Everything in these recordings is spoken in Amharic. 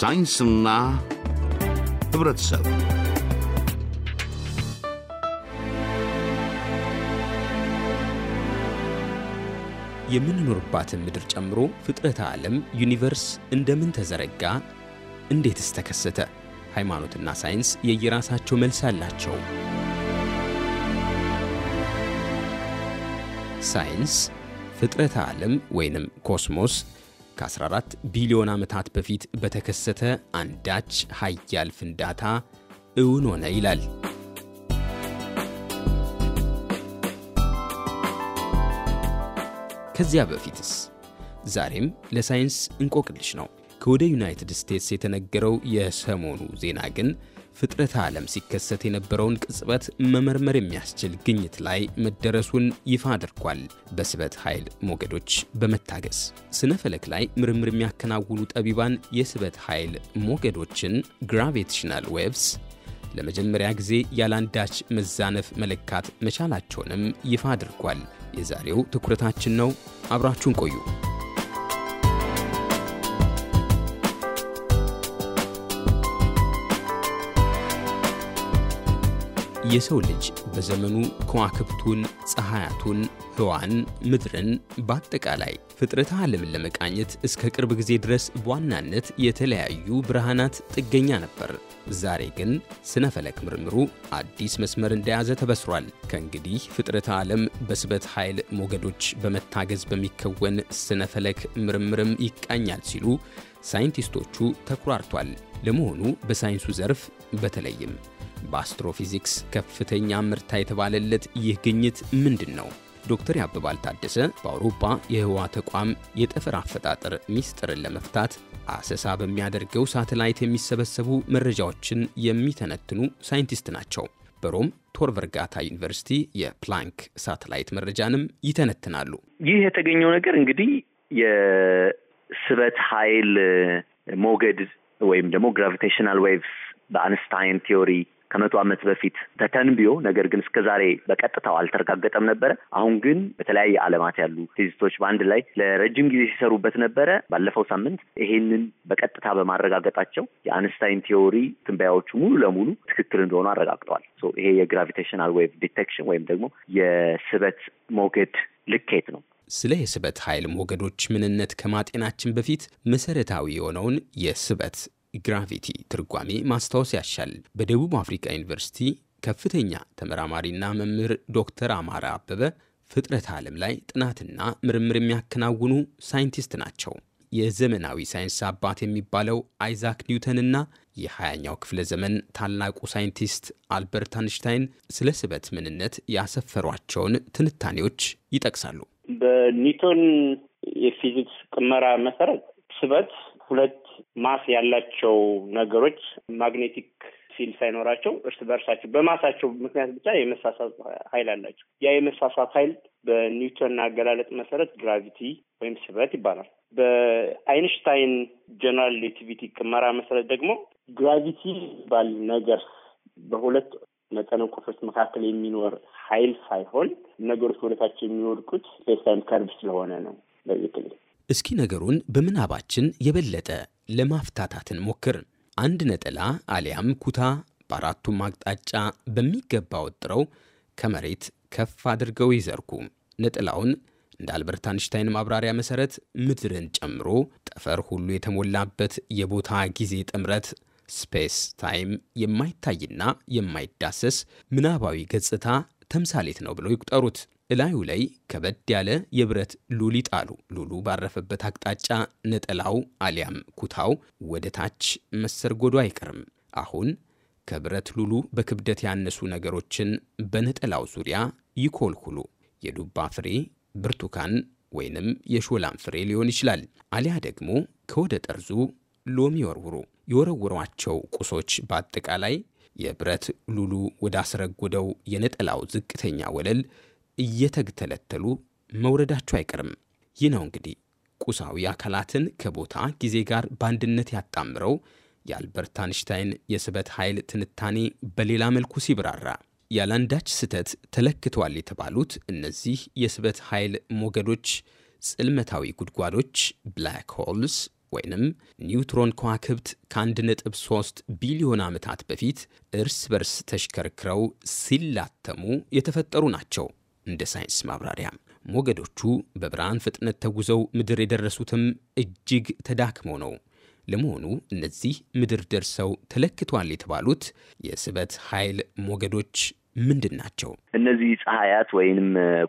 ሳይንስና ህብረተሰብ የምንኖርባትን ምድር ጨምሮ ፍጥረተ ዓለም ዩኒቨርስ እንደምን ተዘረጋ? እንዴትስ ተከሰተ? ሃይማኖትና ሳይንስ የየራሳቸው መልስ አላቸው። ሳይንስ ፍጥረተ ዓለም ወይንም ኮስሞስ ከ14 ቢሊዮን ዓመታት በፊት በተከሰተ አንዳች ኃያል ፍንዳታ እውን ሆነ ይላል። ከዚያ በፊትስ? ዛሬም ለሳይንስ እንቆቅልሽ ነው። ከወደ ዩናይትድ ስቴትስ የተነገረው የሰሞኑ ዜና ግን ፍጥረተ ዓለም ሲከሰት የነበረውን ቅጽበት መመርመር የሚያስችል ግኝት ላይ መደረሱን ይፋ አድርጓል። በስበት ኃይል ሞገዶች በመታገስ ስነ ፈለክ ላይ ምርምር የሚያከናውኑ ጠቢባን የስበት ኃይል ሞገዶችን ግራቪቴሽናል ዌቭስ ለመጀመሪያ ጊዜ ያላንዳች መዛነፍ መለካት መቻላቸውንም ይፋ አድርጓል። የዛሬው ትኩረታችን ነው። አብራችሁን ቆዩ። የሰው ልጅ በዘመኑ ከዋክብቱን፣ ፀሐያቱን፣ ህዋን፣ ምድርን በአጠቃላይ ፍጥረተ ዓለምን ለመቃኘት እስከ ቅርብ ጊዜ ድረስ በዋናነት የተለያዩ ብርሃናት ጥገኛ ነበር። ዛሬ ግን ስነ ፈለክ ምርምሩ አዲስ መስመር እንደያዘ ተበስሯል። ከእንግዲህ ፍጥረተ ዓለም በስበት ኃይል ሞገዶች በመታገዝ በሚከወን ስነ ፈለክ ምርምርም ይቃኛል ሲሉ ሳይንቲስቶቹ ተኩራርቷል። ለመሆኑ በሳይንሱ ዘርፍ በተለይም በአስትሮፊዚክስ ከፍተኛ ምርታ የተባለለት ይህ ግኝት ምንድን ነው? ዶክተር ያበባል ታደሰ በአውሮፓ የህዋ ተቋም የጠፈር አፈጣጠር ሚስጥርን ለመፍታት አሰሳ በሚያደርገው ሳተላይት የሚሰበሰቡ መረጃዎችን የሚተነትኑ ሳይንቲስት ናቸው። በሮም ቶር ቨርጋታ ዩኒቨርሲቲ የፕላንክ ሳተላይት መረጃንም ይተነትናሉ። ይህ የተገኘው ነገር እንግዲህ የስበት ኃይል ሞገድ ወይም ደግሞ ግራቪቴሽናል ዌቭስ በአንስታይን ቲዮሪ ከመቶ ዓመት በፊት ተተንብዮ ነገር ግን ዛሬ በቀጥታው አልተረጋገጠም ነበረ። አሁን ግን በተለያየ ዓለማት ያሉ ፊዚስቶች በአንድ ላይ ለረጅም ጊዜ ሲሰሩበት ነበረ። ባለፈው ሳምንት ይሄንን በቀጥታ በማረጋገጣቸው የአንስታይን ቴዎሪ ትንበያዎቹ ሙሉ ለሙሉ ትክክል እንደሆኑ አረጋግጠዋል። ይሄ የግራቪቴሽናል ዌቭ ዲቴክሽን ወይም ደግሞ የስበት ሞገድ ልኬት ነው። ስለ የስበት ኃይል ሞገዶች ምንነት ከማጤናችን በፊት መሰረታዊ የሆነውን የስበት ግራቪቲ ትርጓሜ ማስታወስ ያሻል። በደቡብ አፍሪካ ዩኒቨርሲቲ ከፍተኛ ተመራማሪና መምህር ዶክተር አማራ አበበ ፍጥረት ዓለም ላይ ጥናትና ምርምር የሚያከናውኑ ሳይንቲስት ናቸው። የዘመናዊ ሳይንስ አባት የሚባለው አይዛክ ኒውተንና የ20ኛው ክፍለ ዘመን ታላቁ ሳይንቲስት አልበርት አንሽታይን ስለ ስበት ምንነት ያሰፈሯቸውን ትንታኔዎች ይጠቅሳሉ። በኒውቶን የፊዚክስ ቅመራ መሰረት ስበት ሁለት ማስ ያላቸው ነገሮች ማግኔቲክ ፊል ሳይኖራቸው እርስ በእርሳቸው በማሳቸው ምክንያት ብቻ የመሳሳት ኃይል አላቸው። ያ የመሳሳት ኃይል በኒውቶን አገላለጥ መሰረት ግራቪቲ ወይም ስበት ይባላል። በአይንሽታይን ጀነራል ሪሌቲቪቲ ቅመራ መሰረት ደግሞ ግራቪቲ ባል ነገር በሁለት መጠነ ቁሶች መካከል የሚኖር ኃይል ሳይሆን ነገሮች ወደታቸው የሚወድቁት ስፔስ ታይም ስለሆነ ነው። በዚህ እስኪ ነገሩን በምናባችን የበለጠ ለማፍታታት እንሞክር። አንድ ነጠላ አሊያም ኩታ በአራቱም አቅጣጫ በሚገባ ወጥረው ከመሬት ከፍ አድርገው ይዘርኩ ነጠላውን እንደ አልበርት አንሽታይን ማብራሪያ መሰረት ምድርን ጨምሮ ጠፈር ሁሉ የተሞላበት የቦታ ጊዜ ጥምረት ስፔስ ታይም የማይታይና የማይዳሰስ ምናባዊ ገጽታ ተምሳሌት ነው ብለው ይቁጠሩት። እላዩ ላይ ከበድ ያለ የብረት ሉል ይጣሉ። ሉሉ ባረፈበት አቅጣጫ ነጠላው አሊያም ኩታው ወደ ታች መሰርጎዶ አይቀርም። አሁን ከብረት ሉሉ በክብደት ያነሱ ነገሮችን በነጠላው ዙሪያ ይኮልኩሉ። የዱባ ፍሬ፣ ብርቱካን ወይንም የሾላም ፍሬ ሊሆን ይችላል። አሊያ ደግሞ ከወደ ጠርዙ ሎሚ ወርውሩ የወረውሯቸው ቁሶች በአጠቃላይ የብረት ሉሉ ወዳስረጎደው የነጠላው ዝቅተኛ ወለል እየተግተለተሉ መውረዳቸው አይቀርም። ይህ ነው እንግዲህ ቁሳዊ አካላትን ከቦታ ጊዜ ጋር በአንድነት ያጣምረው የአልበርት አንሽታይን የስበት ኃይል ትንታኔ በሌላ መልኩ ሲብራራ ያላንዳች ስህተት ተለክተዋል የተባሉት እነዚህ የስበት ኃይል ሞገዶች ጽልመታዊ ጉድጓዶች ብላክ ሆልስ ወይንም ኒውትሮን ከዋክብት ከ1.3 ቢሊዮን ዓመታት በፊት እርስ በርስ ተሽከርክረው ሲላተሙ የተፈጠሩ ናቸው። እንደ ሳይንስ ማብራሪያ ሞገዶቹ በብርሃን ፍጥነት ተጉዘው ምድር የደረሱትም እጅግ ተዳክመው ነው። ለመሆኑ እነዚህ ምድር ደርሰው ተለክቷል የተባሉት የስበት ኃይል ሞገዶች ምንድን ናቸው? እነዚህ ፀሐያት ወይም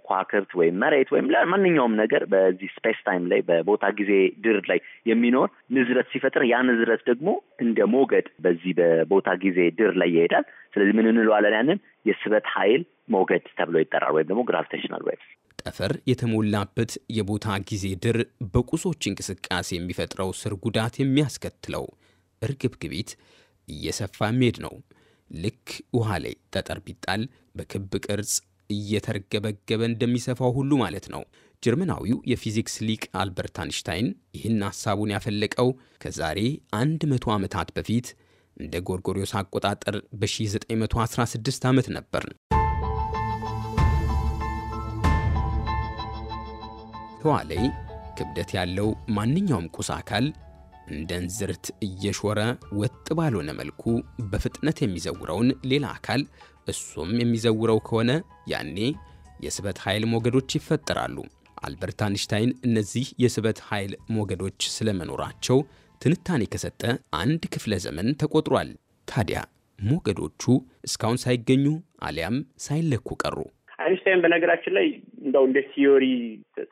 ኳክርት ወይም መሬት ወይም ማንኛውም ነገር በዚህ ስፔስ ታይም ላይ በቦታ ጊዜ ድር ላይ የሚኖር ንዝረት ሲፈጥር ያ ንዝረት ደግሞ እንደ ሞገድ በዚህ በቦታ ጊዜ ድር ላይ ይሄዳል። ስለዚህ ምን እንለዋለን? ያንን የስበት ኃይል ሞገድ ተብሎ ይጠራል፣ ወይም ደግሞ ግራቪቴሽናል ዌቭ። ጠፈር የተሞላበት የቦታ ጊዜ ድር በቁሶች እንቅስቃሴ የሚፈጥረው ስር ጉዳት የሚያስከትለው እርግብግቢት እየሰፋ መሄድ ነው። ልክ ውሃ ላይ ጠጠር ቢጣል በክብ ቅርጽ እየተርገበገበ እንደሚሰፋው ሁሉ ማለት ነው። ጀርመናዊው የፊዚክስ ሊቅ አልበርት አንሽታይን ይህን ሐሳቡን ያፈለቀው ከዛሬ 100 ዓመታት በፊት እንደ ጎርጎሪዮስ አቆጣጠር በ1916 ዓመት ነበር። ህዋ ላይ ክብደት ያለው ማንኛውም ቁስ አካል እንደ እንዝርት እየሾረ ወጥ ባልሆነ መልኩ በፍጥነት የሚዘውረውን ሌላ አካል እሱም የሚዘውረው ከሆነ ያኔ የስበት ኃይል ሞገዶች ይፈጠራሉ። አልበርት አንሽታይን እነዚህ የስበት ኃይል ሞገዶች ስለመኖራቸው ትንታኔ ከሰጠ አንድ ክፍለ ዘመን ተቆጥሯል። ታዲያ ሞገዶቹ እስካሁን ሳይገኙ አሊያም ሳይለኩ ቀሩ። አይንስታይን በነገራችን ላይ እንደው እንደ ቲዮሪ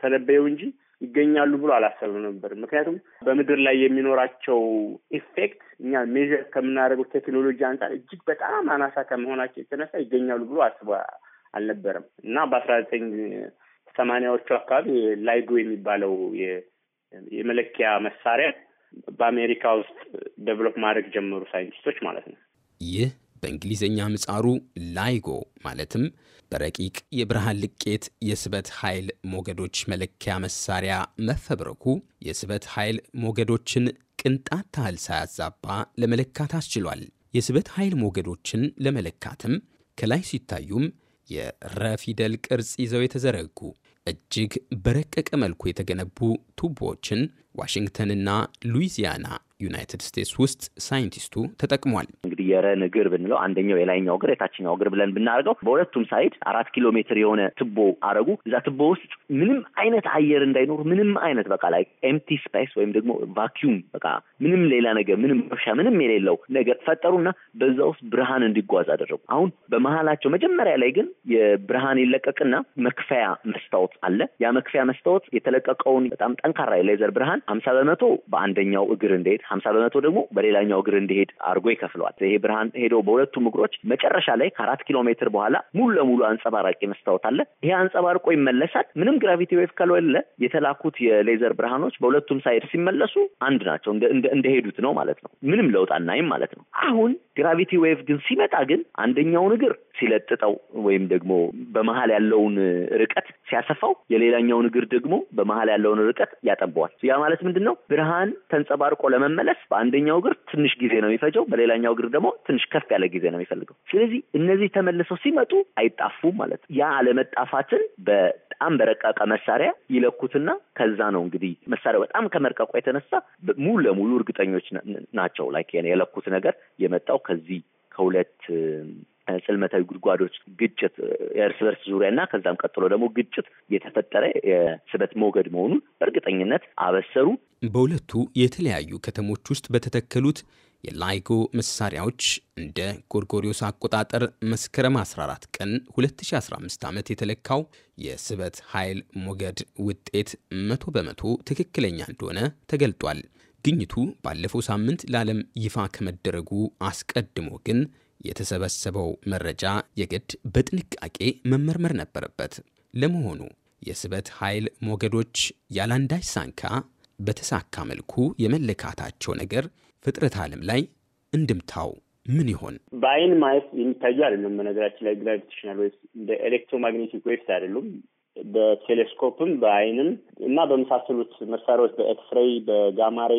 ተነበየው እንጂ ይገኛሉ ብሎ አላሰብም ነበር። ምክንያቱም በምድር ላይ የሚኖራቸው ኢፌክት እኛ ሜዥር ከምናደርገው ቴክኖሎጂ አንጻር እጅግ በጣም አናሳ ከመሆናቸው የተነሳ ይገኛሉ ብሎ አስቦ አልነበረም እና በአስራ ዘጠኝ ሰማንያዎቹ አካባቢ ላይጎ የሚባለው የመለኪያ መሳሪያ በአሜሪካ ውስጥ ደቨሎፕ ማድረግ ጀመሩ ሳይንቲስቶች ማለት ነው። ይህ በእንግሊዝኛ ምጻሩ ላይጎ ማለትም በረቂቅ የብርሃን ልቄት የስበት ኃይል ሞገዶች መለኪያ መሳሪያ መፈብረኩ የስበት ኃይል ሞገዶችን ቅንጣት ታህል ሳያዛባ ለመለካት አስችሏል። የስበት ኃይል ሞገዶችን ለመለካትም ከላይ ሲታዩም የረፊደል ቅርጽ ይዘው የተዘረጉ እጅግ በረቀቀ መልኩ የተገነቡ ቱቦዎችን ዋሽንግተንና ሉዊዚያና ዩናይትድ ስቴትስ ውስጥ ሳይንቲስቱ ተጠቅሟል። እንግዲህ የረን እግር ብንለው አንደኛው የላይኛው እግር የታችኛው እግር ብለን ብናደርገው በሁለቱም ሳይድ አራት ኪሎ ሜትር የሆነ ትቦ አረጉ። እዛ ትቦ ውስጥ ምንም አይነት አየር እንዳይኖር ምንም አይነት በቃ ላይ ኤምቲ ስፔስ ወይም ደግሞ ቫኪዩም በቃ ምንም ሌላ ነገር ምንም መሻ ምንም የሌለው ነገር ፈጠሩና በዛ ውስጥ ብርሃን እንዲጓዝ አደረጉ። አሁን በመሀላቸው መጀመሪያ ላይ ግን የብርሃን ይለቀቅና መክፈያ መስታወት አለ። ያ መክፈያ መስታወት የተለቀቀውን በጣም ጠንካራ የሌዘር ብርሃን ሀምሳ በመቶ በአንደኛው እግር እንዴት ሀምሳ በመቶ ደግሞ በሌላኛው እግር እንዲሄድ አድርጎ ይከፍለዋል። ይሄ ብርሃን ሄዶ በሁለቱም እግሮች መጨረሻ ላይ ከአራት ኪሎ ሜትር በኋላ ሙሉ ለሙሉ አንጸባራቂ መስታወት አለ። ይሄ አንጸባርቆ ይመለሳል። ምንም ግራቪቲ ዌቭ ካልሆነ የተላኩት የሌዘር ብርሃኖች በሁለቱም ሳይድ ሲመለሱ አንድ ናቸው፣ እንደሄዱት ነው ማለት ነው። ምንም ለውጥ አናይም ማለት ነው። አሁን ግራቪቲ ዌቭ ግን ሲመጣ ግን አንደኛውን እግር ሲለጥጠው ወይም ደግሞ በመሀል ያለውን ርቀት ሲያሰፋው የሌላኛውን እግር ደግሞ በመሀል ያለውን ርቀት ያጠበዋል። ያ ማለት ምንድን ነው? ብርሃን ተንጸባርቆ ለመመ ለመመለስ በአንደኛው እግር ትንሽ ጊዜ ነው የሚፈጀው፣ በሌላኛው እግር ደግሞ ትንሽ ከፍ ያለ ጊዜ ነው የሚፈልገው። ስለዚህ እነዚህ ተመልሰው ሲመጡ አይጣፉም ማለት ነው። ያ አለመጣፋትን በጣም በረቀቀ መሳሪያ ይለኩትና ከዛ ነው እንግዲህ መሳሪያው በጣም ከመርቀቁ የተነሳ ሙሉ ለሙሉ እርግጠኞች ናቸው ላይክ የለኩት ነገር የመጣው ከዚህ ከሁለት ጽልመታዊ ጉድጓዶች፣ ግጭት የእርስ በርስ ዙሪያና ከዛም ቀጥሎ ደግሞ ግጭት የተፈጠረ የስበት ሞገድ መሆኑን በእርግጠኝነት አበሰሩ። በሁለቱ የተለያዩ ከተሞች ውስጥ በተተከሉት የላይጎ መሳሪያዎች እንደ ጎርጎሪዮስ አቆጣጠር መስከረም 14 ቀን 2015 ዓመት የተለካው የስበት ኃይል ሞገድ ውጤት መቶ በመቶ ትክክለኛ እንደሆነ ተገልጧል። ግኝቱ ባለፈው ሳምንት ለዓለም ይፋ ከመደረጉ አስቀድሞ ግን የተሰበሰበው መረጃ የግድ በጥንቃቄ መመርመር ነበረበት። ለመሆኑ የስበት ኃይል ሞገዶች ያላንዳች ሳንካ በተሳካ መልኩ የመለካታቸው ነገር ፍጥረት ዓለም ላይ እንድምታው ምን ይሆን? በአይን ማየት የሚታዩ አይደለም። በነገራችን ላይ ግራቪቴሽናል ዌቭስ እንደ ኤሌክትሮማግኔቲክ ዌቭስ አይደሉም። በቴሌስኮፕም በአይንም እና በመሳሰሉት መሳሪያዎች በኤክስሬይ በጋማሬ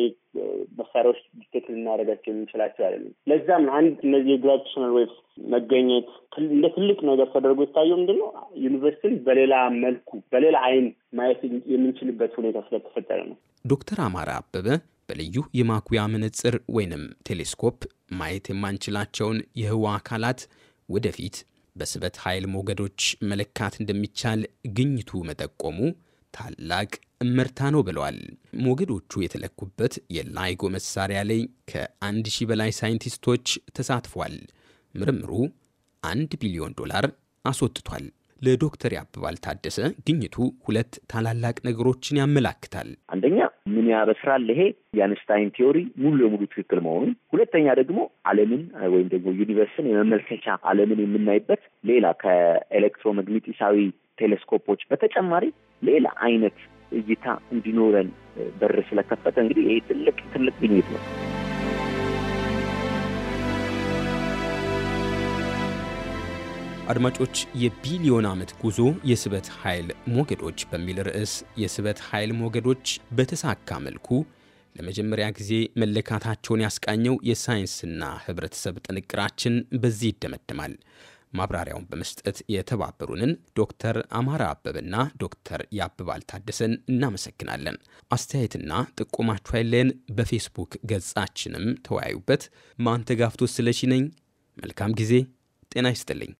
መሳሪያዎች ዲቴክት ልናደርጋቸው የምንችላቸው አይደለም። ለዛም አንድ እነዚህ የግራቪቴሽናል ዌቭስ መገኘት እንደ ትልቅ ነገር ተደርጎ የታየው ምንድን ነው ዩኒቨርሲቲን በሌላ መልኩ በሌላ አይን ማየት የምንችልበት ሁኔታ ስለተፈጠረ ነው። ዶክተር አማራ አበበ በልዩ የማኩያ መነጽር ወይንም ቴሌስኮፕ ማየት የማንችላቸውን የህዋ አካላት ወደፊት በስበት ኃይል ሞገዶች መለካት እንደሚቻል ግኝቱ መጠቆሙ ታላቅ እመርታ ነው ብለዋል። ሞገዶቹ የተለኩበት የላይጎ መሳሪያ ላይ ከአንድ ሺህ በላይ ሳይንቲስቶች ተሳትፏል። ምርምሩ አንድ ቢሊዮን ዶላር አስወጥቷል። ለዶክተር ያበባል ታደሰ ግኝቱ ሁለት ታላላቅ ነገሮችን ያመላክታል። አንደኛ ያበስራል። ይሄ የአንስታይን ቲዮሪ ሙሉ ለሙሉ ትክክል መሆኑን፣ ሁለተኛ ደግሞ ዓለምን ወይም ደግሞ ዩኒቨርስን የመመልከቻ ዓለምን የምናይበት ሌላ ከኤሌክትሮመግኔቲሳዊ ቴሌስኮፖች በተጨማሪ ሌላ አይነት እይታ እንዲኖረን በር ስለከፈተ እንግዲህ ይህ ትልቅ ትልቅ ግኝት ነው። አድማጮች የቢሊዮን ዓመት ጉዞ የስበት ኃይል ሞገዶች በሚል ርዕስ የስበት ኃይል ሞገዶች በተሳካ መልኩ ለመጀመሪያ ጊዜ መለካታቸውን ያስቃኘው የሳይንስና ህብረተሰብ ጥንቅራችን በዚህ ይደመድማል። ማብራሪያውን በመስጠት የተባበሩንን ዶክተር አማራ አበብና ዶክተር የአብባል ታደሰን እናመሰግናለን። አስተያየትና ጥቆማችሁ አይለን። በፌስቡክ ገጻችንም ተወያዩበት። ማንተጋፍቶ ስለሺ ነኝ። መልካም ጊዜ። ጤና ይስጥልኝ።